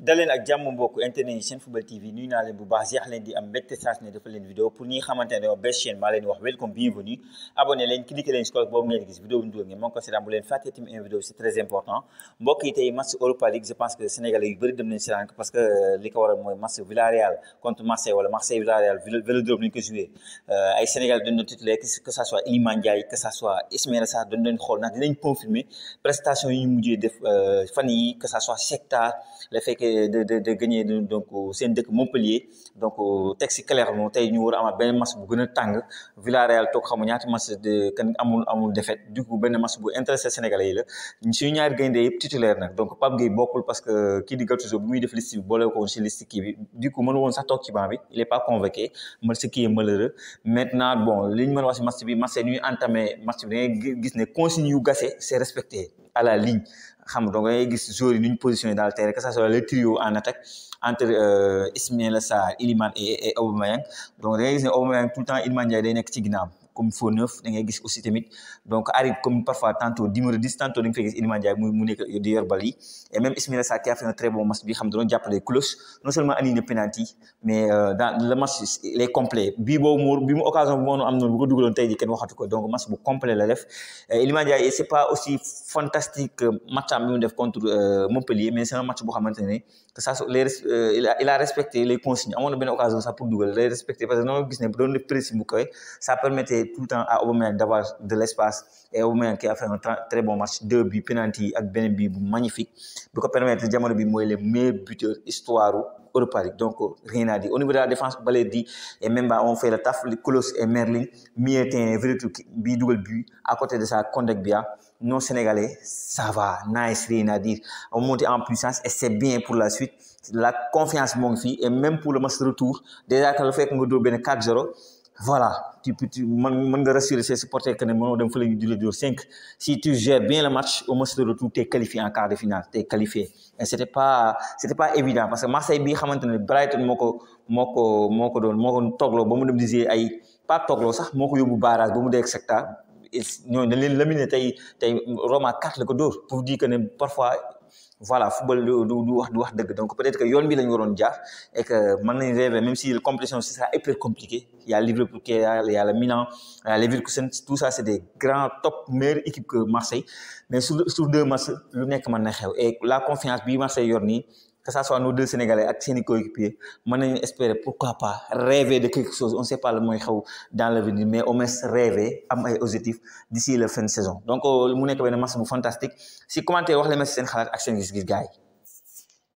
dalen ak jàmm mbokk internet yi seen football TV nuy naa leen bu baax jeex leen di am mbégte saa su ne defal leen vidéo pour ñi nga xamante ne dañoo bes chaîne maa leen wax welcome bienvenue abonné leen cliqué leen si cloche boobu ngeen gis vidéo bu ñu dugal ngeen moom ko seetaan bu leen fàtte tamit un vidéo c'est très important mbokk yi tey match Europa League je pense que sénégalais yu bëri dem nañ seetaan parce que euh, li ko waral mooy match Villarreal contre Marseille wala Marseille Villarreal Vélodrome lañu ko joué euh, ay sénégalais dañ doon titulaire que ça soit Iliman Ndiaye que ça soit Ismaël Sarr dañ doon xool ndax dinañ confirmer prestation yi ñu mujjee def euh, fan yi que ça soit Shakhtar le fait de de de gagné donc seen Montpellier donc au clairement tay ñu war am ben match bu gëna tang Villarreal tok xamu ñaati match de kan amul amul défaite du coup ben match bu intéressé Sénégalais yi la suñu ñaari gaynde yëpp titulaire nak donc Pape Gueye bokul parce que qui di toujours bu muy def liste bi boole ko woon liste bi du coup mënu won sax tok ci banc bi il est pas convoqué mal ce qui est malheureux maintenant bon liñ ñu wax match bi match nu entamé match bi gis c'est respecté à la ligne xam nga donc da ngay gis joueurs yi positionné dans le terrain que ça soit le trio en attaque entre euh, Ismaël Sarr Iliman et Aubameyang donc da ngay gis Aubameyang tout le temps Iliman Ndiaye day nekk ci ginnaaw comme faux neuf da ngay gis aussi tamit donc arrive comme parfois tantôt numéro 10 tantôt da nga fay gis Iliman Ndiaye mu mu di yor bal yi et même Ismaïla Sa qui a fait un très bon match bi xam doon jappalé cloche non seulement ani na penalty mais euh, dans le match il est complet bi bo mour bi mu occasion bu moonu am non bu ko dugaloon tey ji kenn waxatu ko donc match bu complet la def Iliman Ndiaye c'est pas aussi fantastique match am bi mu def contre euh, Montpellier mais c'est un match bu xamante que ça les euh, il a respecté les consignes amono ben occasion ça pour dugal les respecté parce que non, gis ne doon le pressing bu kawe ça permettait tout le temps à ah, Aubameyang d'avoir de l'espace et Aubameyang qui a fait un très bon match deux buts penalty avec benn but magnifique pour permettre permettre jamono bi mooy le meilleur buteur histoire Europa League donc rien à dire au niveau de la défense balédi et même on fait le taf Koulos et Merlin milieu terrain Veretout bi double but à côté de ça Kondek Bia non sénégalais ça va nice rien à dire on monte en puissance et c'est bien pour la suite la confiance mon fils, et même pour le match retour déjà qu'on fait un nga bien 4-0 voilà, tu, tu man, rassurer ses supporters que nous avons fait du 5. Si tu gères bien le match, au moins de retour, tu es qualifié en quart de finale, tu es qualifié. Et c'était pas, c'était pas évident parce que Marseille, bien, maintenant, Brighton, moko, moko, moko, moko, toglo, bon, me disait, ay pas toglo, ça, moko, yobu barrage, bon, dék disait, secta. Nous, na nous, laminé tay tay roma nous, le nous, nous, pour nous, nous, parfois voilà football du du wax du wax donc peut-être que yone bi la ñu et que mën même si compétition si sera hyper compliqué il y a Liverpool il y a le Milan il y a tout ça c'est des grands top meilleures équipes que Marseille mais sur sur deux matchs lu nek mën na xew et la confiance bi Marseille yor que ça soit nous deux Sénégalais ak et coéquipiers je espère, espérer pourquoi pas rêver de quelque chose on ne sait pas le mooy a dans l'avenir mais au moins rêver am ay objectifs d'ici la fin de saison donc le monde est match fantastique si vous wax leen ma si seen xalaat ak seen gis